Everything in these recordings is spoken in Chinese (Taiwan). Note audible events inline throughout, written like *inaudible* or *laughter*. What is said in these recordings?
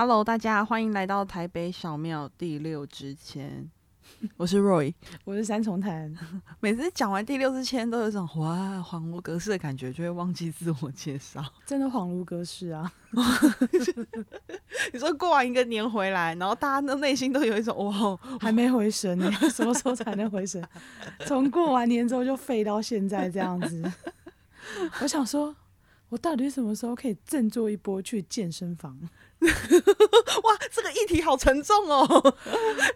Hello，大家歡迎來到台北小廟第六支籤。我是 Roy， *laughs* 我是三重壇。 *laughs* 每次講完第六支籤，都有種哇，恍如隔世的感覺，就會忘記自我介紹，真的恍如隔世啊！ *laughs* *laughs* 你說過完一個年回來，然後大家的內心都有一種哇，哇，還沒回神呢、欸，什麼時候才能回神？從 *laughs* 過完年之後就廢到現在這樣子。 *laughs* 我想說，我到底什麼時候可以振作一波去健身房？ *laughs* 哇，這個議題好沉重哦！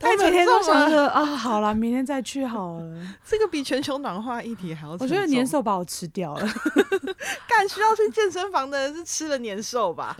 他、啊、每天都想着啊、哦，好了，明天再去好了。 *laughs* 這個比全球暖化議題還要沉重……我覺得年獸把我吃掉了。幹 *laughs* 需要去健身房的人是吃了年獸吧？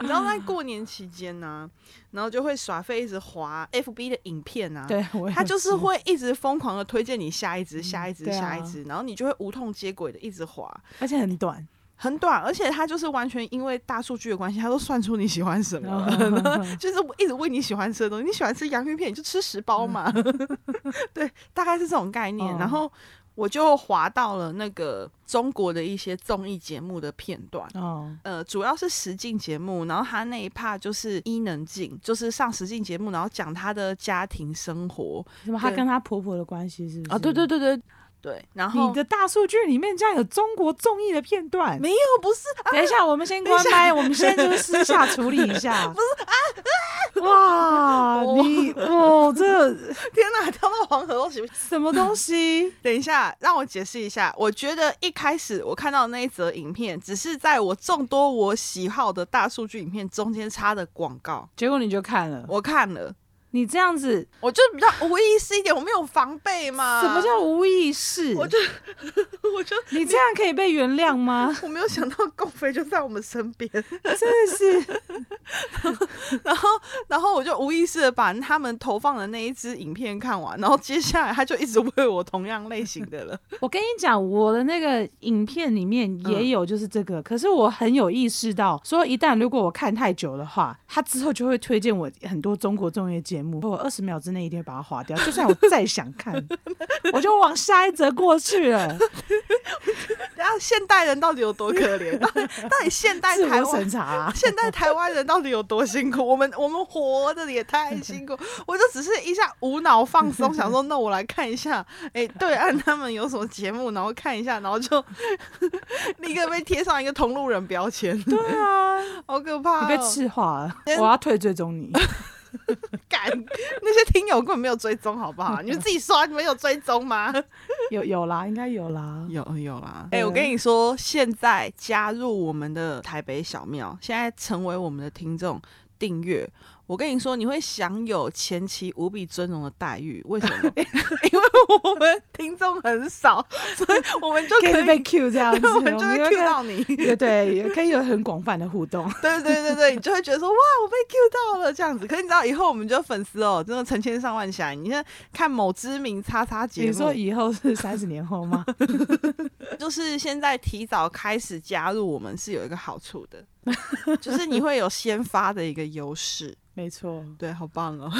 你知道在過年期間呢、啊，然後就會耍廢，一直滑 FB 的影片啊。對，他就是會一直瘋狂的推薦你下一支、下一支、嗯啊、下一支，然後你就會無痛接軌的一直滑，而且很短。很短，而且他就是完全因為大數據的關係，他都算出你喜歡什麼、okay. *laughs* 就是我一直餵你喜歡吃的東西，你喜歡吃洋芋片你就吃十包嘛，嗯、 *laughs* 對，大概是這種概念、哦。然後我就滑到了那個中國的一些綜藝節目的片段，哦。呃，主要是實境節目。然後他那一 part 就是伊能靜，就是上實境節目，然後講她的家庭生活，什麼？她跟她婆婆的關係是啊、哦？對對對對。對，然後你的大數據裡面竟然有中國綜藝的片段？沒有，不是。啊、等一下，我們先關麥，我們現在就私下處理一下。 *laughs* 不是啊，啊！哇，你哦，這、哦、天哪，跳到黃河都洗什麼東西？ *laughs* 等一下，讓我解釋一下。我覺得一開始我看到的那一則影片，只是在我眾多我喜好的大數據影片中間插的廣告。結果你就看了？我看了。你這樣子，我就比較無意識一點， *laughs* 我沒有防備嘛。什麼叫無意識？我就我就你這樣可以被原諒嗎？我，我沒有想到共匪就在我們身邊，真 *laughs* 的這是 *laughs* 然。然後然後我就無意識的把他們投放的那一支影片看完，然後接下來他就一直餵我同樣類型的了。 *laughs* 我跟你講，我的那個影片裡面也有就是這個，嗯、可是我很有意識到，說一旦如果我看太久的話，他之後就會推薦我很多中國綜藝節目。我二十秒之內一定會把它滑掉，就算我再想看， *laughs* 我就往下一則過去了。然後現代人到底有多可憐？到底現代台灣、啊、現代台灣人到底有多辛苦？我，我們我們活得也太辛苦。 *laughs* 我就只是一下無腦放鬆， *laughs* 想說那我來看一下，哎、欸，對岸他們有什麼節目，然後看一下，然後就立刻 *laughs* 被貼上一個同路人標籤。對啊， *laughs* 好可怕、喔，你被赤化了。我要退追蹤你。 *laughs* 感 *laughs* 那些聽友根本沒有追蹤，好不好？ *laughs* 你們自己說，啊，你們有追蹤嗎？ *laughs* 有有啦，應該有啦，有有啦。誒、欸，我跟你說，現在加入我們的台北小廟，現在成為我們的聽眾訂閱。我跟你說，你會享有前期無比尊榮的待遇。為什麼？ *laughs* *laughs* 因為我們聽眾很少，所以我們就可以， *laughs* 可以被 Q 這樣子， *laughs* 我們就會 Q 到你。 *laughs* 對，可以有很廣泛的互動。 *laughs* 對對對對，你就會覺得說，哇，我被 Q 到了這樣子。可是你知道，以後我們就粉絲哦，真的成千上萬起來。你看，看某知名 XX 節目，你說以後是三十年後嗎？ *laughs* 就是現在提早開始加入，我們是有一個好處的， *laughs* 就是你會有先發的一個優勢。沒錯，對，好棒哦！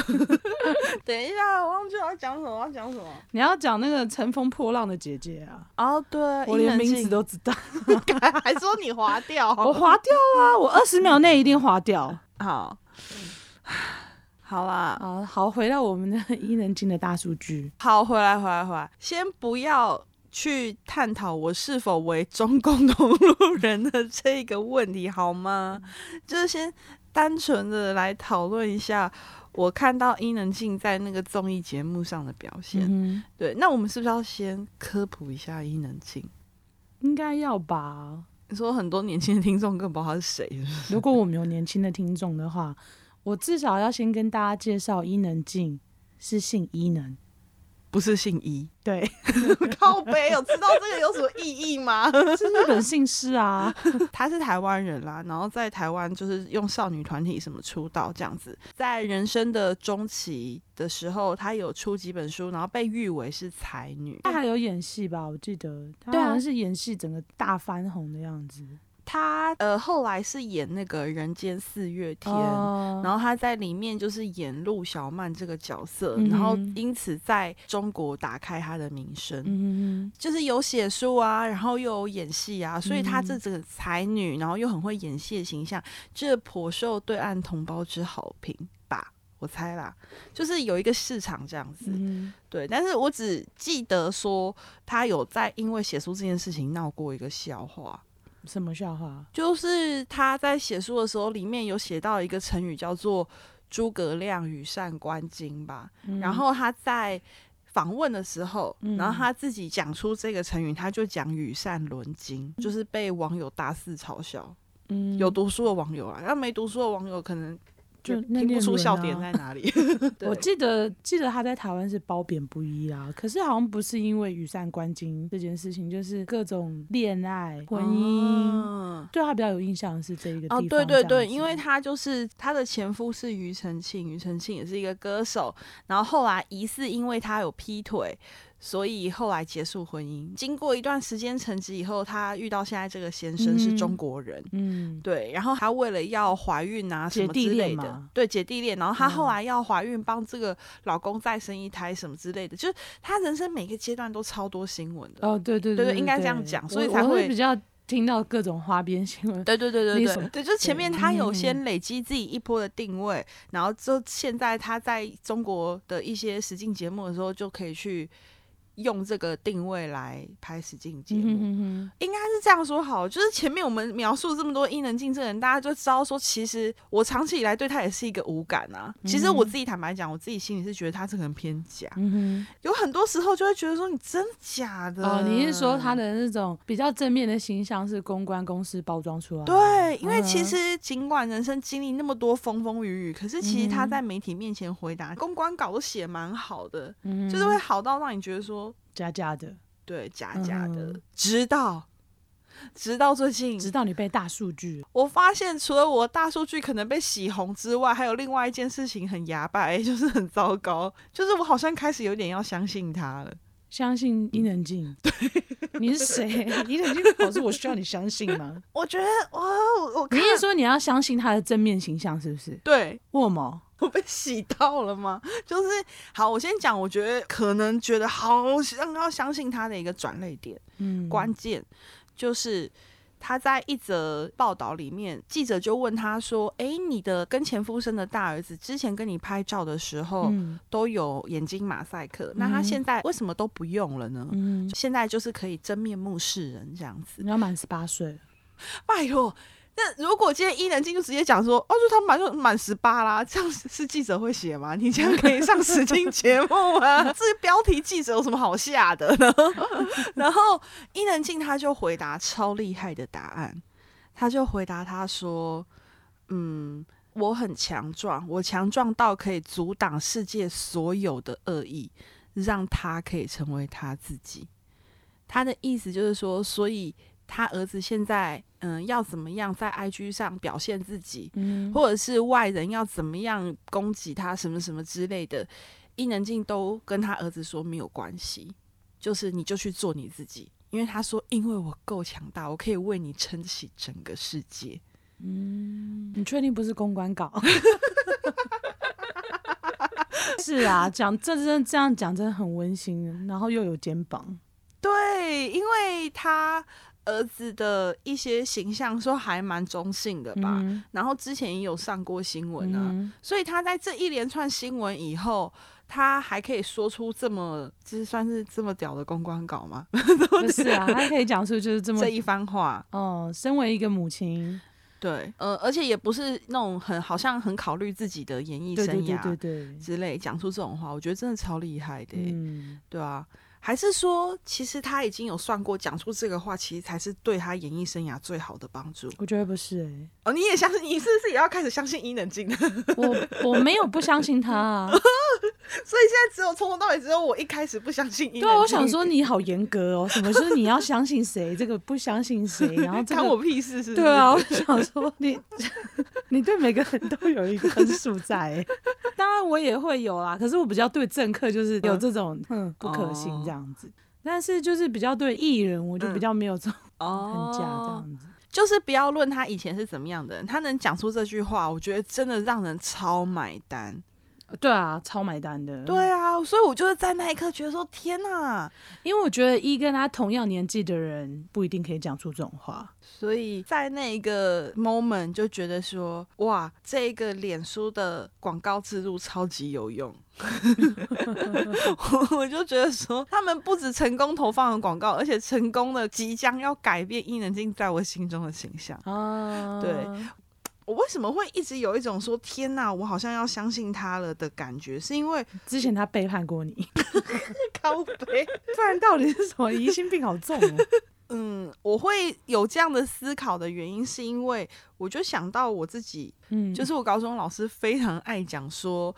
*laughs* 等一下，我忘記要講什麼，我要講什麼？你要講那個乘風破浪的姐姐啊！哦、oh,，對、啊，我連名字都知道， *laughs* 還說你劃掉，我劃掉啦！我二十秒內一定劃掉。 *laughs* 好， *laughs* 好啦，啊，好，回到我們的伊能靜的大數據。好，回來，回來，回來，先不要去探討我是否為中共同路人的這個問題，好嗎？嗯、就是先。單純的來討論一下，我看到伊能靜在那個綜藝節目上的表現、嗯。對，那我們是不是要先科普一下伊能靜？應該要吧？你說很多年輕的聽眾更不知道他是誰。如果我們有年輕的聽眾的話， *laughs* 我至少要先跟大家介紹伊能靜是姓伊能。不是姓伊，對， *laughs* 靠北有知道這個有什麼意義嗎？真 *laughs* 的日本姓氏啊，她 *laughs* 是台灣人啦，然後在台灣就是用少女團體什麼出道這樣子，在人生的中期的時候，她有出幾本書，然後被譽為是才女，她還有演戲吧？我記得，她好像是演戲，整個大翻紅的樣子。他，呃後來是演那個人間四月天，oh. 然後他在裡面就是演陸小曼這個角色，嗯，然後因此在中國打開他的名聲，嗯，就是有寫書啊，然後又有演戲啊，嗯、所以他這這個才女，然後又很會演戲的形象，這頗受對岸同胞之好評吧，我猜啦，就是有一個市場這樣子，嗯、對，但是我只記得說他有在因為寫書這件事情鬧過一個笑話。什麼笑話？就是他在寫書的時候，裡面有寫到一個成語叫做“諸葛亮羽扇綸巾”吧。然後他在訪問的時候，然後他自己講出這個成語，他就講“羽扇綸巾”，就是被網友大肆嘲笑。有讀書的網友啊，那沒讀書的網友可能。就，聽不出笑點在哪裡？啊、 *laughs* 我記得，記得他在台灣是褒貶不一啊。可是好像不是因為羽扇綸巾這件事情，就是各種戀愛、婚姻，對、哦、他比較有印象的是這一個地方。哦、對對對，因為他就是他的前夫是庾澄慶，庾澄慶也是一個歌手，然後後來疑似因為他有劈腿。所以後來結束婚姻，經過一段時間沉寂以後，她遇到現在這個先生是中國人，嗯，嗯對。然後她為了要懷孕啊什麼之類的，地對姐弟戀。然後她後來要懷孕，幫這個老公再生一胎什麼之類的，嗯、就是她人生每個階段都超多新聞的。哦對對對對對對，對對對對，應該這樣講，所以才會，會比較聽到各種花邊新聞。對對對對對，對，對，對，就前面她有先累積自己一波的定位，然後就現在她在中國的一些實境節目的時候就可以去用這個定位來拍實境節目，嗯、哼哼應該是這樣說好。就是前面我們描述這麼多伊能靜這個人，大家就知道說，其實我長期以來對他也是一個無感啊。嗯、其實我自己坦白講，我自己心裡是覺得他這個人偏假、嗯哼。有很多時候就會覺得說，你真假的？哦，你是說他的那種比較正面的形象是公關公司包裝出來的？對，因為其實儘管人生經歷那麼多風風雨雨，可是其實他在媒體面前回答、嗯、公關稿都寫蠻好的、嗯，就是會好到讓你覺得說。假假的。對，假假的，嗯、直到直到最近，直到你被大數據，我發現除了我大數據可能被洗紅之外，還有另外一件事情很牙白、欸，就是很糟糕，就是我好像開始有點要相信他了，相信伊能靜，對，你是誰？伊能靜，可是我需要你相信嗎？我覺得我，我我你也說你要相信他的正面形象是不是？對，為什麼？我被洗到了嗎？就是好，我先講，我覺得可能覺得好像要相信他的一個轉捩點。嗯，關鍵就是他在一則報道裡面，記者就問他說：“哎、欸，你的跟前夫生的大兒子之前跟你拍照的時候都有眼睛馬賽克、嗯，那他現在為什麼都不用了呢？嗯、現在就是可以真面目示人這樣子。”你要滿十八歲。拜託。那如果今天伊能靜就直接講說，哦，就他滿就滿十八啦，這樣是記者會寫嗎？你這樣可以上實境節目嗎？至於 *laughs* 標題記者有什麼好嚇的呢？ *laughs* 然後伊能靜他就回答超厲害的答案，他就回答他說，嗯，我很強壯，我強壯到可以阻擋世界所有的惡意，讓他可以成為他自己。他的意思就是說，所以。他兒子現在，嗯、呃，要怎麼樣在 IG 上表現自己，嗯、或者是外人要怎麼樣攻擊他，什麼什麼之類的，伊能靜都跟他兒子說沒有關係，就是你就去做你自己，因為他說，因為我夠強大，我可以為你撐起整個世界。嗯，你確定不是公關稿？ *laughs* *laughs* *laughs* 是啊，講這真這樣講真的很溫馨，然後又有肩膀。對，因為他。兒子的一些形象說還蠻中性的吧，嗯嗯，然後之前也有上過新聞呢？啊嗯嗯，所以他在這一連串新聞以後，他還可以說出這麼就是算是這麼屌的公關稿嗎？ *laughs* 是啊，他可以講出就是這麼這一番話。哦，身為一個母親，對，呃，而且也不是那種很好像很考慮自己的演藝生涯，對對對之類，講出這種話，我覺得真的超厲害的，欸，嗯，對啊。還是說，其實他已經有算過，講出這個話，其實才是對他演藝生涯最好的幫助。我覺得不是哎、欸，哦，你也相信？你是不是也要開始相信伊能靜？我我沒有不相信他啊， *laughs* 所以現在只有從頭到尾只有我一開始不相信伊能靜。對，我想說你好嚴格哦、喔，什麼時候你要相信誰？ *laughs* 這個不相信誰？然後關、這個、我屁事是？是？對啊，我想說你 *laughs* *laughs* 你對每個人都有一個很、欸。分數在，當然我也會有啦。可是我比較對政客就是有這種嗯，嗯不可信、哦。這樣子，但是就是比較對藝人，我就比較沒有這種很假。這樣子，嗯 oh. 就是不要論他以前是怎麼樣的，他能講出這句話，我覺得真的讓人超買單。對啊，超買單的。對啊，所以我就是在那一刻覺得說，天哪！因為我覺得一、e、跟他同樣年紀的人不一定可以講出這種話，所以在那一個 moment 就覺得說，哇，這個臉書的廣告制度超級有用。我 *laughs* *laughs* *laughs* *laughs* 我就覺得說，他們不止成功投放了廣告，而且成功的即將要改變伊能靜在我心中的形象、啊、對。我為什麼會一直有一種說天哪，啊，我好像要相信他了的感覺？是因為之前他背叛過你， *laughs* 告白？ *laughs* 不然到底是什麼疑心病好重哦？嗯，我會有這樣的思考的原因，是因為我就想到我自己，嗯，就是我高中老師非常愛講說，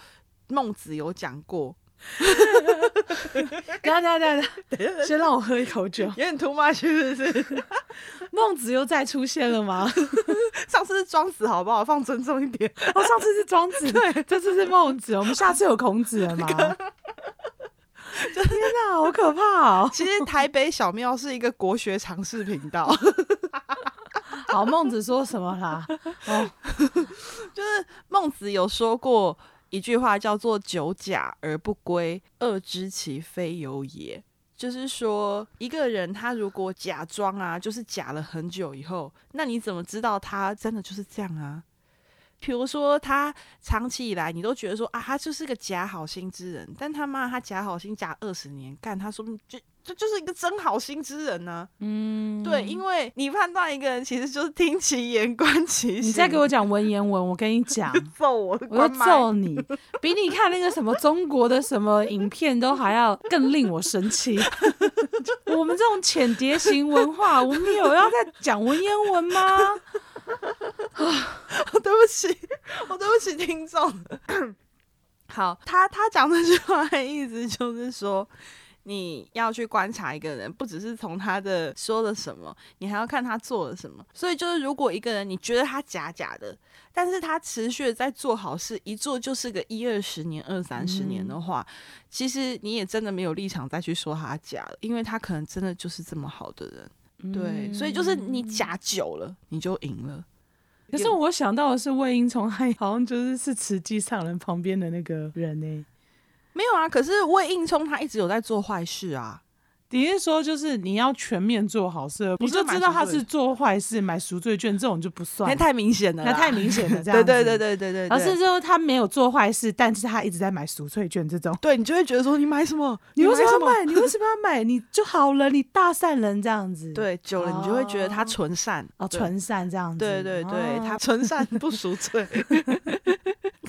孟子有講過。 *laughs* 等下，等下，等下，等下先讓我喝一口酒。有點吐罵，是不是？ *laughs* 孟子又再出現了嗎？ *laughs* 上次是莊子，好不好？放尊重一點。哦，上次是莊子，對，這次是孟子。我們下次有孔子了嗎、 *laughs* 就是？天哪好可怕哦！其實台北小廟是一個國學常識頻道。 *laughs* *laughs* 好，孟子說什麼啦？哦， *laughs* 就是孟子有說過。一句話叫做“久假而不歸，惡知其非有也”，就是說，一個人他如果假裝啊，就是假了很久以後，那你怎麼知道他真的就是這樣啊？譬如說，他長期以來你都覺得說啊，他就是個假好心之人，但他媽他假好心假二十年，幹他說就。就就是一個真好心之人呢、啊。嗯，對，因為你判斷一個人，其實就是聽其言觀其行。你再給我講文言文，我跟你講，揍我，我要揍你，比你看那個什麼中國的什麼影片都還要更令我生氣。 *laughs* *laughs* 我們這種淺碟型文化，我們沒有要再講文言文嗎？啊， *laughs* 對不起，我對不起聽眾。 *laughs* 好，他他講這句話的意思就是說。你要去觀察一個人，不只是從他的說了什麼，你還要看他做了什麼。所以就是，如果一個人你覺得他假假的，但是他持續的在做好事，一做就是個一二十年，二三十年的話，嗯，其實你也真的沒有立場再去說他假了，因為他可能真的就是這麼好的人。嗯、對，所以就是你假久了，你就贏了。可是我想到的是魏應充，他好像就是是慈濟上人旁邊的那個人呢、欸。沒有啊，可是魏應充他一直有在做壞事啊。底下說就是你要全面做好事，不就是知道他是做壞事買贖罪券這種就不算，太明顯了，太明顯了。顯了這樣 *laughs* 對對對對對對。而是說他沒有做壞事，但是他一直在買贖罪券這種，對你就會覺得說你買什麼，你為什麼要買，你為什麼要買， *laughs* 你就好了，你大善人這樣子。對，久了你就會覺得他純善哦純善這樣子。對對對、對、哦，他純善不贖罪。 *laughs*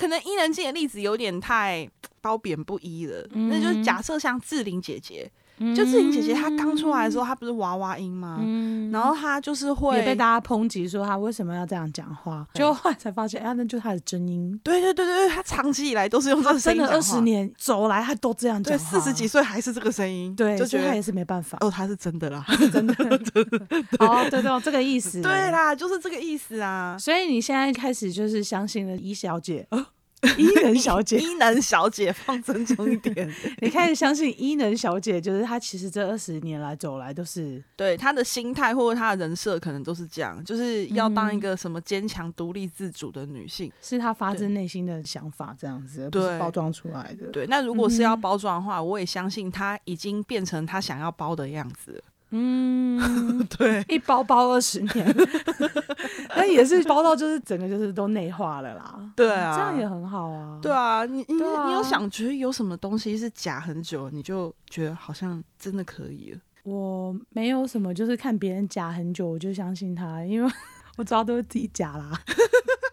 可能伊能靜的例子有點太褒貶不一了，那，嗯，就是假設像志玲姐姐。就志玲姐姐，她剛出來的時候、嗯，她不是娃娃音嗎？嗯、然後她就是會被大家抨擊說她為什麼要這樣講話，就後來才發現，哎，那就是她的真音。對對對對，她長期以來都是用這個聲音真的二十年走來，她都這樣講，四十幾歲還是這個聲音，對，就覺得她也是沒辦法。哦，她是真的啦，真的真的。哦， *laughs* *laughs* 對對,對， *laughs* 這個意思。對啦，就是這個意思啊。所以你現在開始就是相信了尹小姐。 *laughs* 伊能小姐，伊能小姐放尊重一點。 *laughs* 你開始相信伊能小姐，就是她其實這二十年來走來都是對她的心態或者她的人設，可能都是這樣，就是要當一個什麼堅強、獨立、自主的女性，嗯、是她發自內心的想法，這樣子對包裝出來的對。對，那如果是要包裝的話，我也相信她已經變成她想要包的樣子。嗯， *laughs* 對，一包包二十年。 *laughs* 那 *laughs* 也是包到，就是整個就是都內化了啦。對啊，啊，這樣也很好啊。對啊，你你、啊、你有想覺得有什麼東西是假很久，你就覺得好像真的可以了。我沒有什麼，就是看別人假很久，我就相信他，因為我知道都是自己假啦。 *laughs*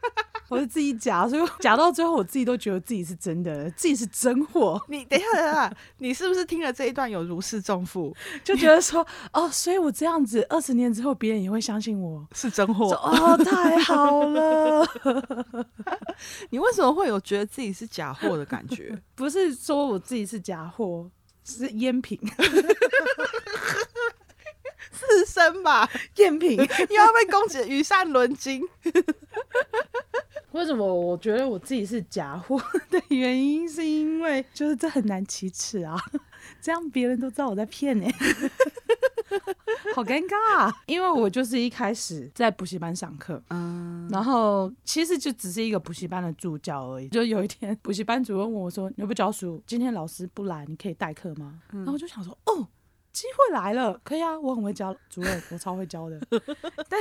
我是自己假，所以假到最後，我自己都覺得自己是真的，自己是真貨。 *laughs* 你等一下，等一下，你是不是聽了這一段有如釋重負，就覺得說哦，所以我這樣子二十年之後，別人也會相信我是真貨。哦，太好了！ *laughs* *laughs* 你為什麼會有覺得自己是假貨的感覺？ *laughs* 不是說我自己是假貨，是贗品， *laughs* *laughs* 自身吧，贗品 *laughs* 又要被攻擊羽扇綸巾。 *laughs* 為什麼我覺得我自己是假貨的原因，是因為就是這很難啟齒啊，這樣別人都知道我在騙你，欸， *laughs* 好尷尬啊，因為我就是一開始在補習班上課，嗯，然後其實就只是一個補習班的助教而已。就有一天補習班主任問我說：“你不教書，今天老師不來，你可以代課嗎？”然後我就想說：“哦。”機會來了，可以啊，我很會教，主任，我超會教的， *laughs* 但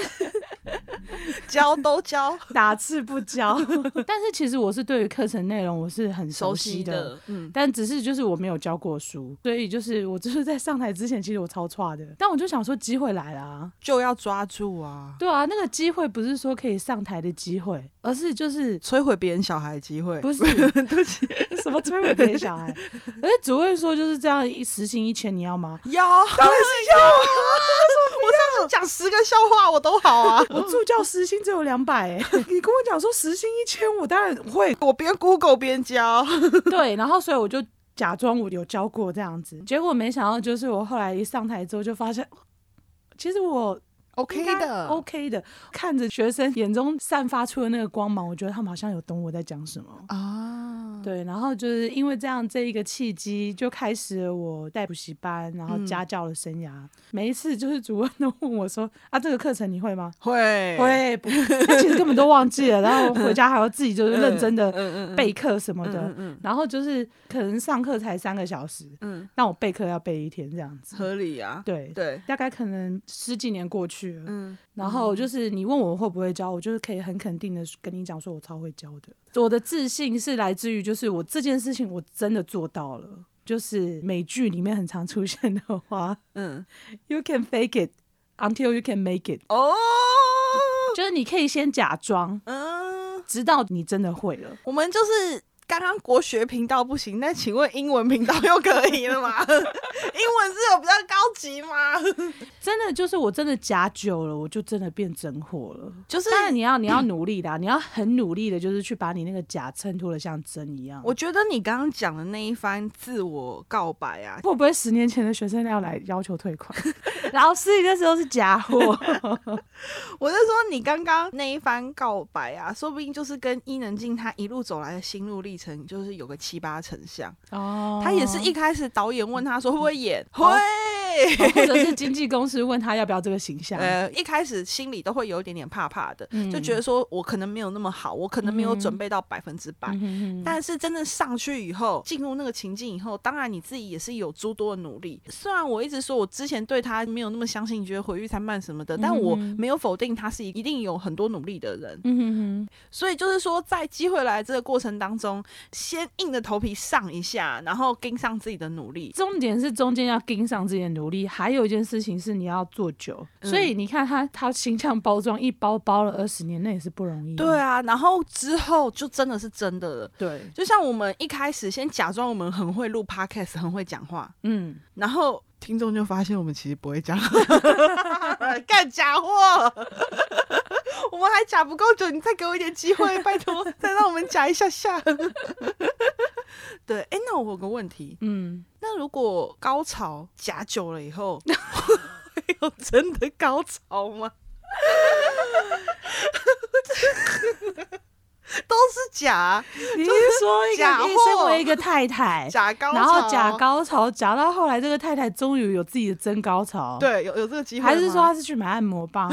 教都教，哪次不教？ *laughs* 但是其實我是對於課程內容我是很熟悉的，熟悉的，嗯，但只是就是我沒有教過書，所以就是我就是在上台之前其實我超差的，但我就想說機會來了啊，就要抓住啊，對啊，那個機會不是說可以上台的機會，而是就是摧毀別人小孩的機會，不是 *laughs* 對不起，什麼摧毀別人小孩，哎， *laughs* 主任說就是這樣，一實行一千，你要嗎？要。哦、當然笑啊！ *laughs* 我這樣上次講十個笑話我都好啊。 *laughs* 我助教時薪只有兩百，欸，哎， *laughs* *laughs* 你跟我講說時薪一千五，五當然會，我邊 Google 邊教。 *laughs* 對，然後所以我就假裝我有教過這樣子，結果沒想到就是我後來一上台之後就發現，其實我。Okay, OK 的，OK 的，看着學生眼中散發出的那個光芒，我覺得他們好像有懂我在講什麼啊。對，然後就是因為這樣這一個契機，就開始了我帶補習班，然後家教的生涯，嗯。每一次就是主任都問我說：“啊，這個課程你會嗎？”“會，會。不”他 *laughs* 其實根本都忘記了，然後回家還要自己就是認真的，嗯嗯，備課什麼的，嗯嗯嗯。然後就是可能上課才三個小時，嗯，那我備課要備一天這樣子，合理啊。對對，大概可能十幾年過去，嗯，然後就是你問我會不會教，我就是可以很肯定的跟你講，說我超會教的。我的自信是來自於，就是我這件事情我真的做到了。就是美劇裡面很常出現的話，嗯，You can fake it until you can make it、oh!。哦，就是你可以先假裝，嗯、oh!，直到你真的會了。我們就是。剛剛國學頻道不行，那請問英文頻道又可以了嗎？ *laughs* *laughs* 英文是有比較高級嗎？真的就是我真的假久了，我就真的變真貨了。就是，但你要你要努力的、啊嗯，你要很努力的，就是去把你那個假襯托的像真一樣。我覺得你剛剛講的那一番自我告白啊，會不會十年前的學生要來要求退款？老師你那時候是假貨， *laughs* *laughs* 我就說你剛剛那一番告白啊，說不定就是跟伊能靜她一路走來的心路歷就是有個七八成像，oh. 他也是一開始導演問他說會不會演？會。Oh. 哦、或者是經紀公司問他要不要這個形象？ *laughs* 呃，一開始心裡都會有一點點怕怕的，嗯，就覺得說我可能沒有那麼好，我可能沒有準備到百分之百。嗯，哼哼哼，但是真的上去以後，進入那個情境以後，當然你自己也是有諸多的努力。雖然我一直說我之前對他沒有那麼相信，覺得毀譽參半什麼的，嗯哼哼，但我沒有否定他是一一定有很多努力的人。嗯哼，哼，所以就是說，在機會來這個過程當中，先硬着頭皮上一下，然後跟上自己的努力。重點是中間要跟上自己的努力。努力，還有一件事情是你要做久，嗯、所以你看他他形象包裝一包包了二十年，那也是不容易。對啊，然後之後就真的是真的了。對，就像我們一開始先假裝我們很會錄 podcast，很會講話，嗯，然後聽眾就發現我們其實不會講，幹 *laughs* *laughs* *laughs* 假貨貨， *laughs* 我們還假不夠久，你再給我一點機會，拜託，再讓我們假一下下。 *laughs* 對，哎、欸，那我有個問題，嗯，那如果高潮假久了以後，會 *laughs* 有真的高潮嗎？ *laughs* *laughs* 都是假，你是說一個身為一個太太假高潮，然後假高潮假到後來，這個太太終於有自己的真高潮，對，有有這個機會，還是說他是去買按摩棒，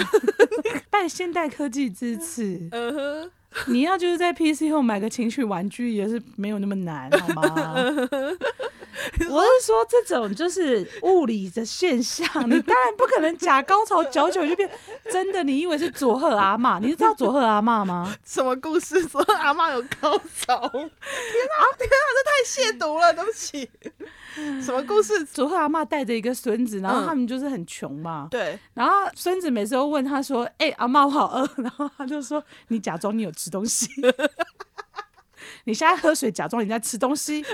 拜 *laughs* *laughs* 現代科技之賜， *laughs* uh -huh. 你要就是在 PC 後買個情趣玩具也是沒有那麼難，好嗎？ *laughs* 是我是說這種就是物理的現象， *laughs* 你當然不可能假高潮久久就變真的。你以為是佐賀阿嬤？你知道佐賀阿嬤嗎？ *laughs* 什麼故事？佐賀阿嬤有高潮？天吶、啊 *laughs* 啊，天、啊、這太褻瀆了，對不起。 *laughs* 什麼故事？佐賀阿嬤帶着一個孫子，然後他們就是很窮嘛。對。然後孫子每次都問他說：“哎，阿嬤，我好餓。”然後他就說：“你假裝你有吃。”吃東西，你現在喝水，假裝你在吃東西，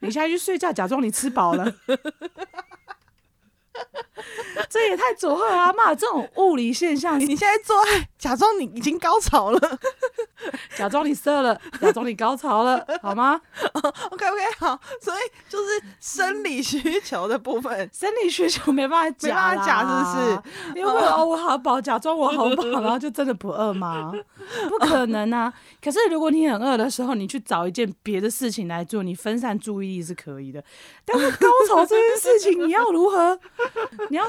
你現在去睡覺，假裝你吃飽了。 *laughs* 這也太左愛了罵、啊、這種物理現象，你現在做愛，假裝你已經高潮了， *laughs* 假裝你射了，假裝你高潮了，好嗎？OK OK，好。所以就是生理需求的部分，生理需求沒辦法，沒辦法假，是不是？因為我好飽，假裝我好飽， *laughs* 然後就真的不餓嗎？不可能啊！ *laughs* 可是如果你很餓的時候，你去找一件別的事情來做，你分散注意力是可以的。但是高潮這件事情，你要如何？ *laughs* 你要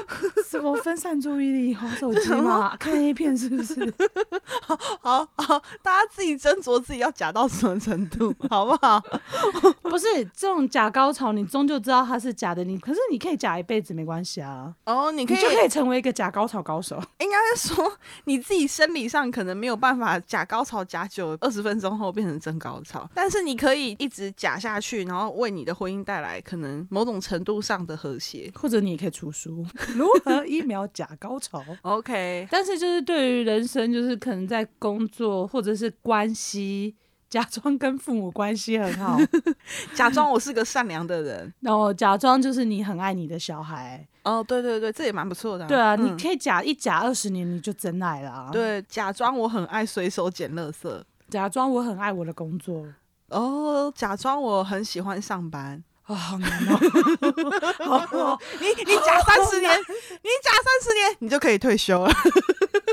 什麼分散注意力，玩手機嗎？看 A 片是不是？ *laughs* 好好，好，大家自己斟酌自己要假到什麼程度，好不好？ *laughs* 不是這種假高潮，你終究知道它是假的你，你可是你可以假一輩子沒關係啊。哦，你可以你就可以成為一個假高潮高手。應該說你自己生理上可能沒有辦法假高潮假久，二十分鐘後變成真高潮。但是你可以一直假下去，然後為你的婚姻帶來可能某種程度上的和諧。或者你也可以出書。如何一秒假高潮 *laughs* ？OK，但是就是對於人生，就是可能在工作或者是關係，假裝跟父母關係很好， *laughs* 假裝我是個善良的人，然、哦、後假裝就是你很愛你的小孩。哦，對對對，這也蠻不錯的、啊。對啊、嗯，你可以假一假二十年，你就真愛了、啊。對，假裝我很愛隨手撿垃圾，假裝我很愛我的工作，哦，假裝我很喜歡上班。哦、好難哦！ *laughs* 好，好，你你假三十年，你假三十年， *laughs* 年，你就可以退休了。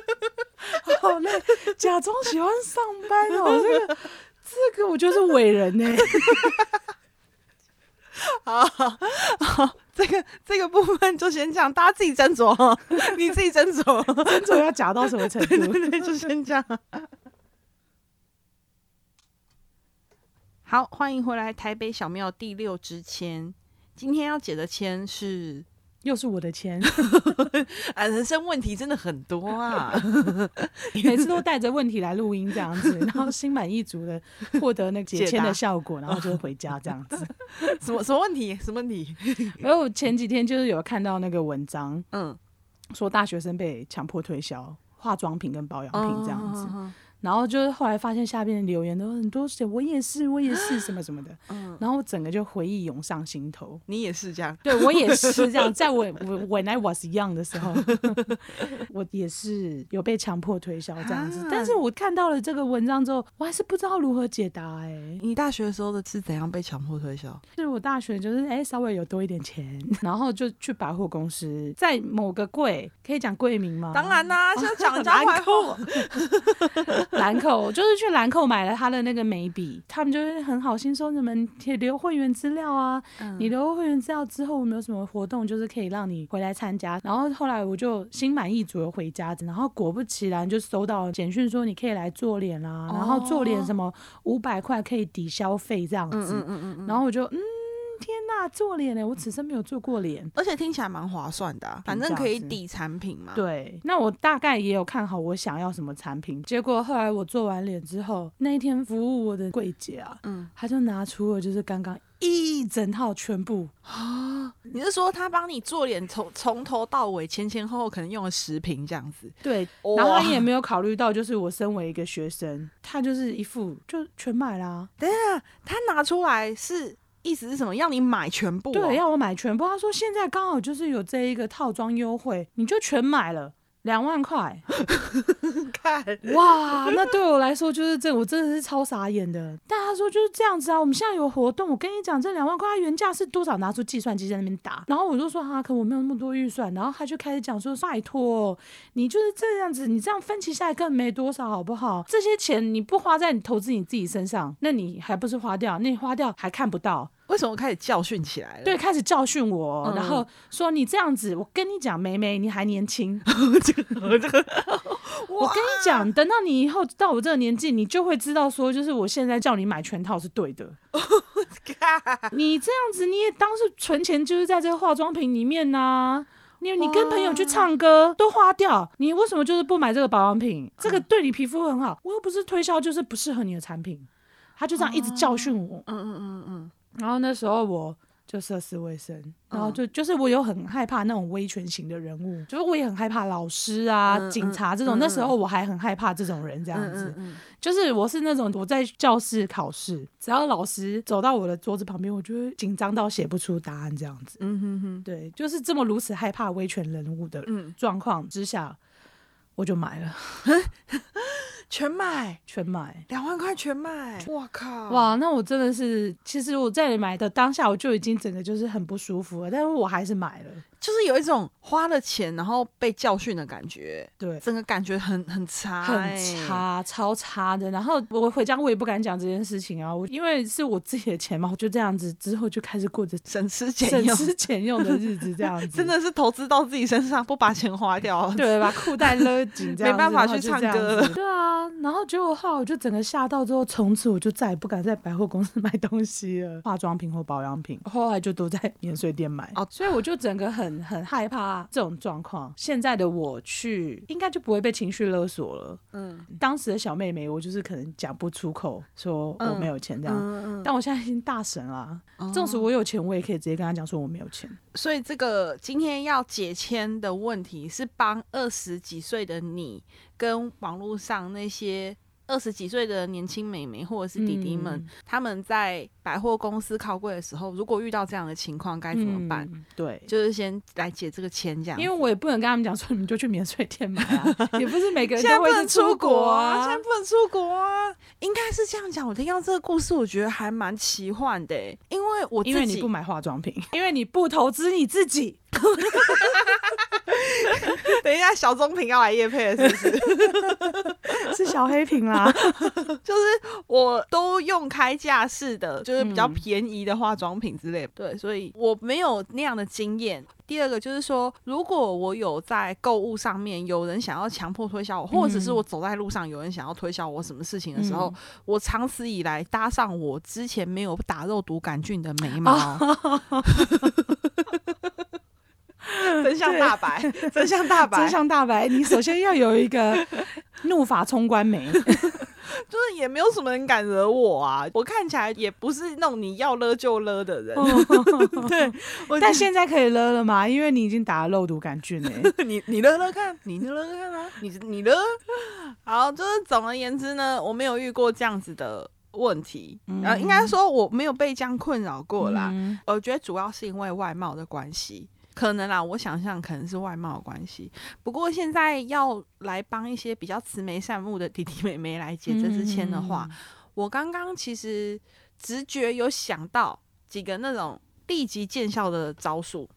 *laughs* 好，好累，假裝喜歡上班哦。這個這個我、欸，我就是偉人呢。好，好，這個這個部分就先講，大家自己斟酌，哦、你自己斟酌， *laughs* 斟酌要假到什麼程度？ *laughs* 對對對，就先講。好，歡迎回來台北小廟第六支籤。今天要解的籤是，又是我的籤啊！人 *laughs* 生問題真的很多啊， *laughs* 每次都帶着問題來錄音這樣子，然後心滿意足的獲得那解籤的,的效果，然後就回家這樣子。 *laughs* 什麼什麼問題？什麼問題？我前幾天就是有看到那個文章，嗯，說大學生被強迫推銷化妝品跟保養品這樣子。哦，好好。然後就是後來發現下面的留言都很多寫我也是我也是什麼什麼的，嗯、然後我整個就回憶湧上心頭。你也是這樣？對，我也是這樣，在我我 when I was young 的時候， *laughs* *laughs* 我也是有被強迫推銷這樣子，啊。但是我看到了這個文章之後，我還是不知道如何解答，欸。哎，你大學的時候的是怎樣被強迫推銷？就是我大學就是哎，欸，稍微有多一點錢，然後就去百貨公司，在某個櫃，可以講櫃名嗎？當然啦，就講百貨。哦。蘭 *laughs* 蔻，就是去蘭蔻買了他的那個眉筆，他們就是很好心說，你們也留會員資料啊，你留會員資料之後我們有什麼活動，就是可以讓你回來參加。然後後來我就心滿意足的回家，然後果不其然就收到簡訊說你可以來做臉啦、啊哦，然後做臉什麼五百塊可以抵消費這樣子，嗯嗯嗯嗯嗯，然後我就嗯。天吶，做臉呢？我此生沒有做過臉，而且聽起來蠻划算的啊，反正可以抵產品嘛。對，那我大概也有看好我想要什麼產品。結果後來我做完臉之後，那一天服務我的櫃姐啊，嗯，他就拿出了就是剛剛一整套全部啊。你是說他幫你做臉從從頭到尾前前後後可能用了十瓶這樣子？對，然後你也沒有考慮到就是我身為一個學生，他就是一副就全買啦啊。對啊，他拿出來是。意思是什麼？要你買全部、啊？對，要我買全部。他說現在剛好就是有這一個套裝優惠，你就全買了，兩萬塊。 *laughs* 看哇，那對我來說就是這，我真的是超傻眼的。但他說就是這樣子啊，我們現在有活動。我跟你講，這兩萬塊它原價是多少？拿出計算機在那邊打。然後我就說啊，可我沒有那麼多預算。然後他就開始講說，拜托，你就是這樣子，你這樣分期下來根本沒多少，好不好？這些錢你不花在你投資你自己身上，那你還不是花掉？那你花掉還看不到。為什麼開始教訓起來了？對，開始教訓我、嗯，然後說你這樣子，我跟你講，妹妹你還年輕， *laughs* 我，這個我，這個、 *laughs* 我跟你講，等到你以後到我這個年紀，你就會知道，說就是我現在叫你買全套是對的。 *laughs* 你這樣子，你也當是存錢就是在這個化妝品裡面呢、啊。你你跟朋友去唱歌都花掉，你為什麼就是不買這個保養品？這個對你皮膚很好、嗯，我又不是推銷，就是不適合你的產品。他就這樣一直教訓我。嗯嗯嗯嗯。嗯嗯然後那時候我就涉世未深，然後就、oh. 就是我有很害怕那種威權型的人物，就是我也很害怕老師啊、嗯、警察這種、嗯。那時候我還很害怕這種人，這樣子、嗯，就是我是那種我在教室考試，只要老師走到我的桌子旁邊，我就會緊張到寫不出答案，這樣子。嗯哼哼，對，就是這麼如此害怕威權人物的狀況之下、嗯，我就買了。 *laughs* 全買全買，兩萬塊全買，全買全，哇靠！哇，那我真的是，其實我在買的當下，我就已經整個就是很不舒服了，但是我還是買了。就是有一種花了錢然後被教訓的感覺，對，整個感覺很很差，欸，很差，超差的。然後我回家我也不敢講這件事情啊，我因為是我自己的錢嘛，我就這樣子之後就開始過着省吃儉用省吃儉用的日子，這樣子 *laughs* 真的是投資到自己身上，不把錢花掉，對吧，把褲帶勒緊這樣子， *laughs* 沒辦法去唱歌。 *laughs* 對啊，然後結果後來我就整個嚇到之後，從此我就再也不敢在百貨公司買東西了，化妝品或保養品，後來就都在免稅店買。哦、okay，所以我就整個很。很很害怕這種狀況。現在的我去，應該就不會被情緒勒索了。嗯，當時的小妹妹，我就是可能講不出口，說我沒有錢這樣、嗯嗯嗯。但我現在已經大神了、啊，縱、哦、使我有錢，我也可以直接跟他講說我沒有錢。所以這個今天要解籤的問題，是幫二十幾歲的你跟網絡上那些。二十幾歲的年輕美眉或者是弟弟們，嗯、他們在百貨公司靠櫃的時候，如果遇到這樣的情況，該怎麼辦、嗯？對，就是先來結這個錢，這樣。因為我也不能跟他們講說，你們就去免稅店買， *laughs* 也不是每個人。現在不能出國啊！現在不能出國啊！應該是這樣講。我聽到這個故事，我覺得還蠻奇幻的、欸，因為我自己。因為你不買化妝品，因為你不投資你自己。 *laughs* *laughs* 等一下，小棕瓶要來業配了，是不是？ *laughs* *laughs* 是小黑瓶啦， *laughs* 就是我都用開架式的，就是比較便宜的化妝品之類的。對，所以我沒有那樣的經驗。第二個就是說，如果我有在購物上面有人想要強迫推銷我，或者是我走在路上有人想要推銷我什麼事情的時候、嗯，我長此以來搭上我之前沒有打肉毒桿菌的眉毛。 *laughs* *laughs* 真相大白，真相大白，真相大白。 *laughs* 你首先要有一個怒髮衝冠眉， *laughs* 就是也沒有什麼人敢惹我啊。我看起來也不是那種你要勒就勒的人， *laughs* 對。我但現在可以勒了嗎？因為你已經打了肉毒桿菌、欸、 *laughs* 你你勒勒看，你勒勒看啊，你你勒。好，就是總而言之呢，我沒有遇過這樣子的問題，嗯、呃，應該說我沒有被這樣困擾過啦、嗯。我覺得主要是因為外貌的關係。可能啦，我想象可能是外貌關係。不過現在要來幫一些比較慈眉善目的弟弟妹妹來解這支籤的話，嗯嗯嗯嗯嗯，我剛剛其實直覺有想到幾個那種立即見效的招數。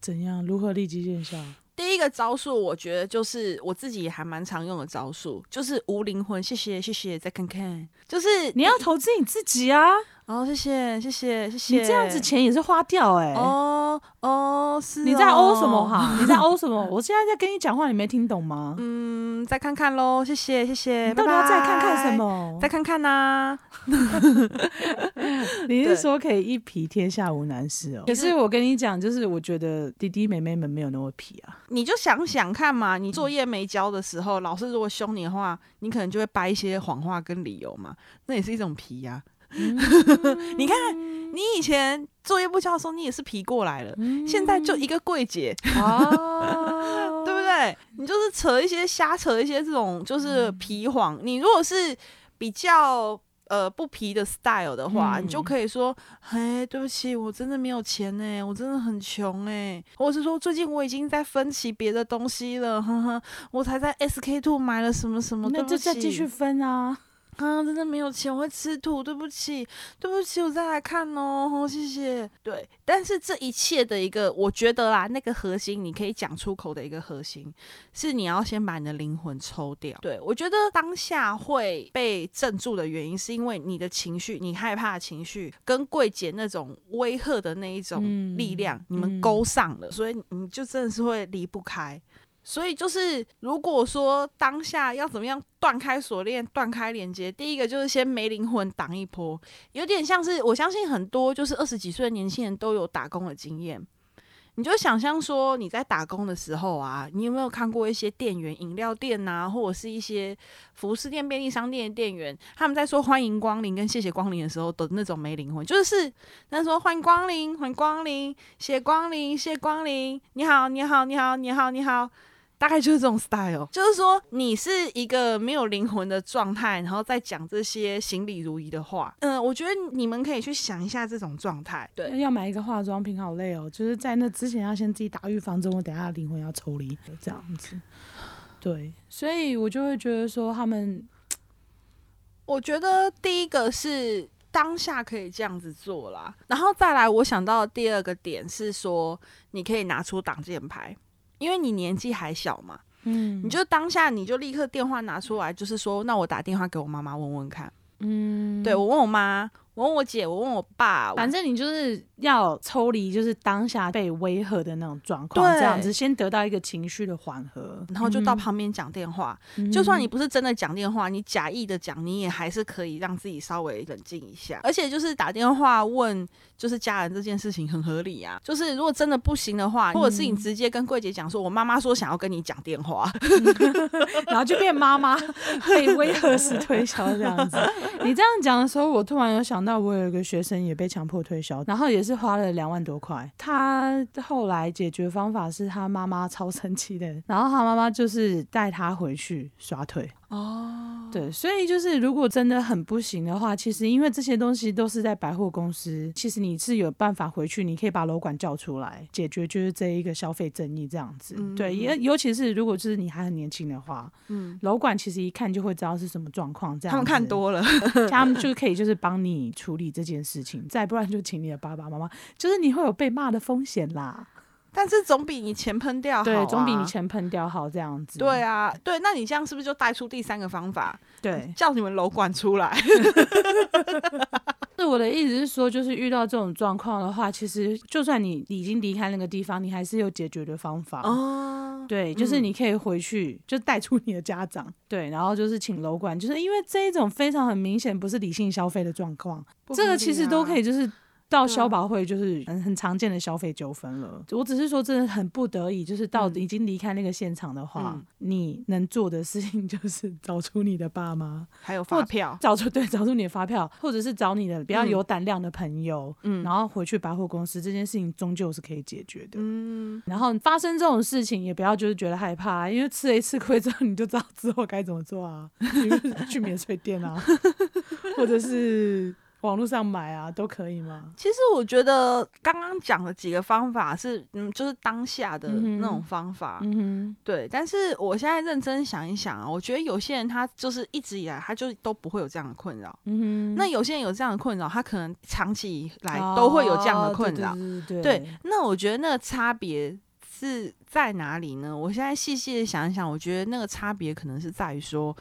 怎樣？如何立即見效？第一個招數，我覺得就是我自己也還蠻常用的招數，就是無靈魂。謝謝，謝謝，再看看，就是你要投資你自己啊。哦，謝謝，謝謝，謝謝。你這樣子錢也是花掉哎、欸。哦哦，是哦。你在哦什麼哈？你在哦什麼？ *laughs* 我現在在跟你講話，你沒聽懂嗎？嗯，再看看嘍。謝謝，謝謝。到底要再看看什麼？拜拜再看看吶、啊。 *laughs* *laughs* 你是說可以一皮天下無難事哦、喔？可是我跟你講，就是我覺得弟弟妹妹們沒有那麼皮啊。你就想想看嘛，你作業沒交的時候，老師如果凶你的話，你可能就會掰一些謊話跟理由嘛，那也是一種皮呀、啊。 *laughs* 你看，你以前作業不交的時候，你也是皮過來了。嗯、現在就一個櫃姐、哦、 *laughs* 對不對？你就是扯一些，瞎扯一些這種，就是皮謊、嗯。你如果是比較呃不皮的 style 的話，嗯、你就可以說，嘿，對不起，我真的沒有錢哎、欸，我真的很窮哎、欸。我是說，最近我已經在分期別的東西了，呵呵，我才在 SK Two 買了什麼什麼東西，那就再繼續分啊。 *laughs* 啊，真的沒有錢我會吃土，對不起，對不起，我再來看哦，謝謝。對，但是這一切的一個，我覺得啦，那個核心你可以講出口的一個核心，是你要先把你的靈魂抽掉。對，我覺得當下會被鎮住的原因，是因為你的情緒，你害怕的情緒，跟櫃姐那種威嚇的那一種力量，嗯，你們勾上了，嗯，所以你就真的是會離不開。所以就是，如果說當下要怎麼樣斷開鎖鏈、斷開連接，第一個就是先沒靈魂擋一波。有點像是，我相信很多就是二十幾歲的年輕人都有打工的經驗，你就想象說你在打工的時候啊，你有沒有看過一些店員，飲料店吶、啊，或者是一些服飾店、便利商店的店員，他們在說歡迎光臨跟謝謝光臨的時候的那種沒靈魂，就是他說，歡迎光臨，歡迎光臨，謝光臨，謝光臨，你好，你好，你好，你好，你好。大概就是這種 style，哦、就是說你是一個沒有靈魂的狀態，然後再講這些行禮如儀的話。嗯、呃，我覺得你們可以去想一下這種狀態。對，要買一個化妝品，好累哦。就是在那之前要先自己打預防針，我等下靈魂要抽離這樣子。Okay. 對，所以我就會覺得說他們，我覺得第一個是當下可以這樣子做啦。然後再來，我想到的第二個點是說，你可以拿出擋箭牌。因為你年紀還小嘛，嗯，你就當下你就立刻電話拿出來，就是說，那我打電話給我媽媽問問看。嗯，對我問我媽。我問我姐，我問我爸，反正你就是要抽離，就是當下被威嚇的那種狀況，對，這樣子先得到一個情緒的緩和，然後就到旁邊講電話、嗯。就算你不是真的講電話，你假意的講，你也還是可以讓自己稍微冷靜一下。而且就是打電話問，就是家人這件事情很合理啊。就是如果真的不行的話，嗯、或者是你直接跟櫃姐講說：“我媽媽說想要跟你講電話。 *laughs* ” *laughs* 然後就變媽媽被威嚇式推銷這樣子。 *laughs* *laughs* 你這樣講的時候，我突然有想到。那我有一個學生也被強迫推銷，然後也是花了兩萬多塊。他後來解決方法是他媽媽超生氣的，然後他媽媽就是帶他回去刷退。哦、oh.，對，所以就是如果真的很不行的話，其實因為這些東西都是在百貨公司，其實你是有辦法回去，你可以把樓管叫出來解決，就是這一個消費爭議這樣子、嗯。對，也尤其是如果就是你還很年輕的話，嗯、樓管其實一看就會知道是什麼狀況，這樣他們看多了， *laughs* 他們就可以就是幫你處理這件事情。再不然就請你的爸爸媽媽，就是你會有被罵的風險啦。但是總比你錢噴掉好，啊，對，總比你錢噴掉好這樣子。對啊，對，那你這樣是不是就帶出第三個方法？對，叫你們樓管出來。那， *laughs* *laughs* 我的意思是說，就是遇到這種狀況的話，其實就算你已經離開那個地方，你還是有解決的方法，哦、對，就是你可以回去，嗯、就帶出你的家長，對，然後就是請樓管，就是因為這一種非常很明顯不是理性消費的狀況，啊，這個其實都可以，就是。到消保會就是很很常見的消費糾紛了、嗯。我只是說，真的很不得已，就是到已經離開那個現場的話、嗯，你能做的事情就是找出你的爸媽，還有發票，找出對，找出你的發票，或者是找你的比較有膽量的朋友，嗯、然後回去百貨公司，這件事情終究是可以解決的。嗯，然後發生這種事情也不要就是覺得害怕，因為吃了一次虧之後你就知道之後該怎麼做啊， *laughs* *laughs* 去免稅店啊， *laughs* 或者是。網絡上買啊，都可以嗎？其實我覺得剛剛講的幾個方法是，嗯，就是當下的那種方法，嗯，嗯，對。但是我現在認真想一想啊，我覺得有些人他就是一直以來，他就都不會有這樣的困擾，嗯，那有些人有這樣的困擾，他可能長期以來都會有這樣的困擾，哦，對。那我覺得那個差別是在哪裡呢？我現在細細的想一想，我覺得那個差別可能是在於說，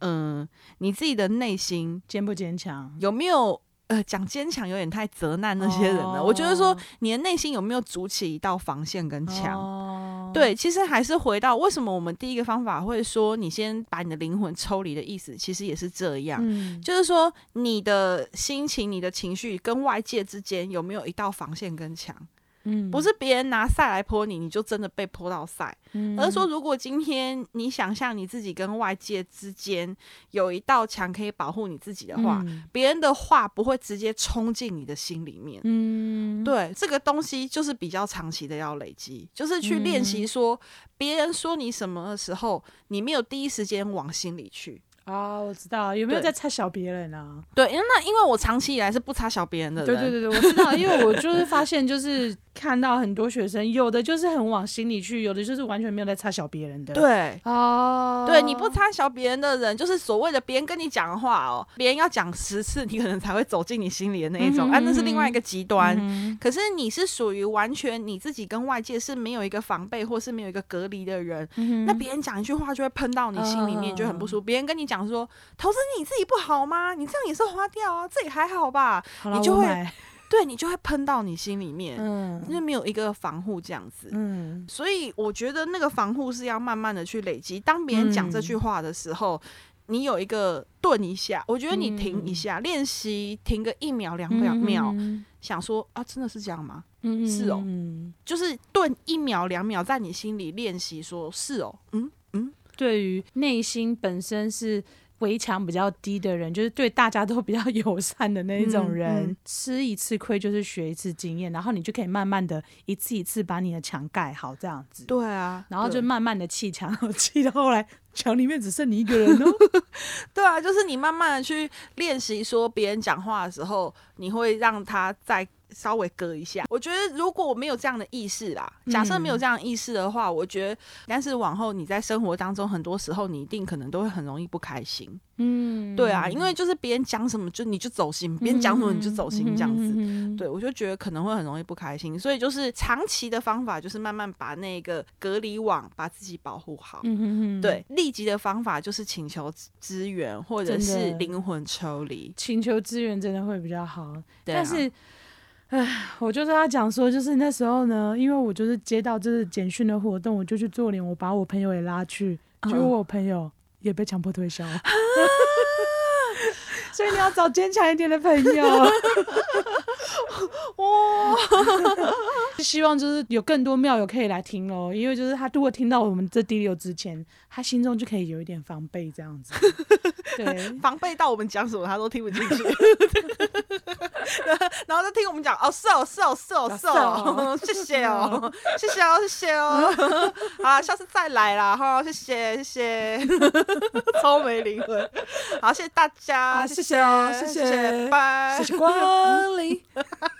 嗯，呃，你自己的內心堅不堅強，有沒有？呃，講堅強有點太責難那些人了。哦，我覺得說你的內心有沒有築起一道防線跟牆？哦？對，其實還是回到為什麼我們第一個方法會說你先把你的靈魂抽離的意思，其實也是這樣。嗯，就是說你的心情、你的情緒跟外界之間有沒有一道防線跟牆？嗯，不是別人拿晒來潑你，你就真的被潑到晒。嗯。而是說，如果今天你想象你自己跟外界之間有一道牆可以保護你自己的話，別、嗯、人的話不會直接衝進你的心裡面。嗯，對，這個東西就是比較長期的要累積，就是去練習說別人說你什麼的時候，你沒有第一時間往心裡去啊、哦。我知道有沒有在插小別人啊？對，因那因為我長期以來是不插小別人的人。對，對對對，我知道，因為我就是發現就是。 *laughs* 看到很多學生，有的就是很往心裡去，有的就是完全沒有在插小別人的。對，哦、oh.，對，你不插小別人的人，就是所謂的別人跟你講話哦，別人要講十次，你可能才會走進你心裡的那一種。Mm -hmm. 啊，那是另外一個極端。Mm -hmm. 可是你是屬於完全你自己跟外界是沒有一個防備，或是沒有一個隔離的人。Mm -hmm. 那別人講一句話就會噴到你心裡面，uh. 就很不舒服。別人跟你講說，投資你自己不好嗎？你這樣也是花掉啊，自己還好吧？好你就會。對你就會噴到你心裡面，因、嗯、為沒有一個防護這樣子、嗯。所以我覺得那個防護是要慢慢的去累積。當別人講這句話的時候，嗯、你有一個頓一下、嗯，我覺得你停一下，練、嗯、習停個一秒兩秒、嗯，想說啊，真的是這樣嗎？嗯，是哦。嗯、就是頓一秒兩秒，在你心裡練習說，是哦，嗯嗯，對於內心本身是。圍牆比較低的人，就是對大家都比較友善的那一種人。嗯嗯、吃一次虧就是學一次經驗，然後你就可以慢慢的一次一次把你的牆蓋好，這樣子。對啊，然後就慢慢的砌牆，砌到後來牆裡面只剩你一個人哦 *laughs* 對啊，就是你慢慢的去練習，說別人講話的時候，你會讓他在。稍微割一下，我覺得如果我沒有這樣的意識啦，假設沒有這樣的意識的話，嗯，我覺得，但是往後你在生活當中，很多時候你一定可能都會很容易不開心，嗯，對啊，因為就是別人講什麼就你就走心，別人講什麼你就走心這樣子，嗯，對我就覺得可能會很容易不開心，所以就是長期的方法就是慢慢把那個隔離網把自己保護好，嗯對，立即的方法就是請求支援或者是靈魂抽離，請求支援真的會比較好，對啊，但是。哎，我就跟他講說，就是那時候呢，因為我就是接到就是簡訊的活動，我就去做臉，我把我朋友也拉去，嗯、結果我朋友也被強迫推銷。啊、 *laughs* 所以你要找堅強一點的朋友。 *laughs* *laughs* 哇！ *laughs* 希望就是有更多廟友可以來聽哦，因為就是他如果聽到我們這第六支籤，他心中就可以有一點防備這樣子。 *laughs* 對，防備到我們講什麼他都聽不進去。 *laughs* *laughs* 然後再聽我們講哦，是哦，是哦，是哦，是哦，啊、是哦 *laughs* 謝謝哦， *laughs* 謝謝哦， *laughs* 謝謝哦， *laughs* *laughs* 好，下次再來啦，哈，謝謝，謝謝， *laughs* 超沒靈魂，好，謝謝大家，啊、謝，謝，謝謝哦，謝謝謝謝，謝謝，拜，謝謝光臨。 *laughs*